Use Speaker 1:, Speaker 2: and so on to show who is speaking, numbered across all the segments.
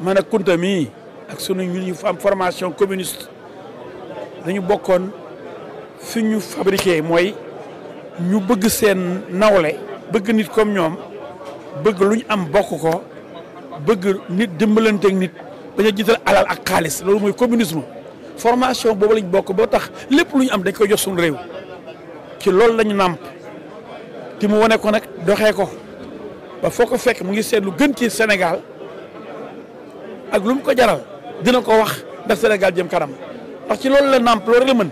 Speaker 1: man ak Kunta ak sunu ñun ñu am formation communiste dañu bokkoon suñu ñu fabriqué mooy ñu bëgg seen nawle bëgg nit comme ñoom bëgg lu ñu am bokk ko bëgg nit dimbalanteeg nit dañoo jiital alal ak xaalis loolu mooy communisme formation boobu lañ bokk boo tax lépp lu ñu am dañ koy jox suñu réew ci loolu lañu nàmp te mu wane ko nag doxee ko ba foo ko fekk mu ngi seen lu gën ci Sénégal ak lu mu ko jaral dina ko wax ndax Sénégal jëm kanam ndax ci loolu la nàmp loolu la mën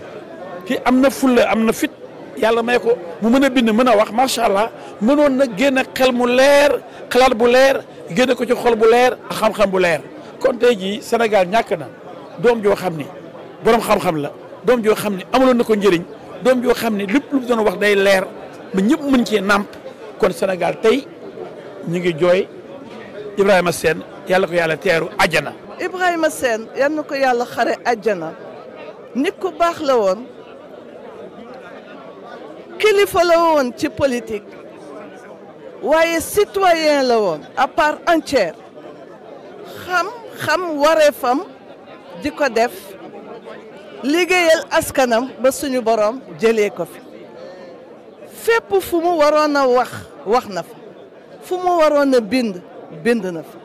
Speaker 1: kii am na fulla am na fit yàlla may ko mu mën a bind mën a wax macha allah mënoon na génne xel mu leer xalaat bu leer génne ko ci xool bu leer ak xam-xam bu leer kon tey jii Sénégal ñàkk na doom joo xam ni borom xam-xam la doom joo xam ni amaloon na ko njëriñ doom joo xam ni lépp lu mu doon wax day leer ba ñëpp mën cee nàmp kon Sénégal tey ñu ngi jooy Ibrahima seen يالله على تيرو اجانا
Speaker 2: ابراهيم سن يانكو يالا خري اجانا نيكو باخ لاون كيلي فلوون تي بوليتيك واي سيتويان لاون ابار انتير خم خم وريفم ديكو ديف ليغيال اسكانم با سونو بوروم جيليه كوف فيب فومو ورونا واخ واخنا فومو ورونا بيند بيندنا فيه.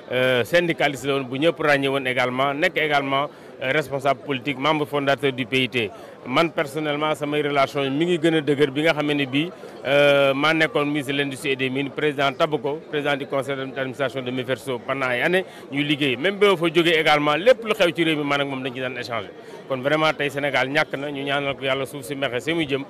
Speaker 3: Euh, syndicaliste la bu ñëpp également nek également euh, responsable politique membre fondateur du PIT. man personnellement sama relation mi ngi gëna a dëgër bi nga xam bi. euh maa ministre de l'industrie et des mines président Taboko, président du conseil d'administration de Miferso pendant ay années ñuy liggéey même bi fa joggé également lépp lu xew ci réew mi man ak mom dañ ci daan échanger kon vraiment tay Sénégal ñak na ñu ñaanal ko Yalla suuf ci mexé jëm.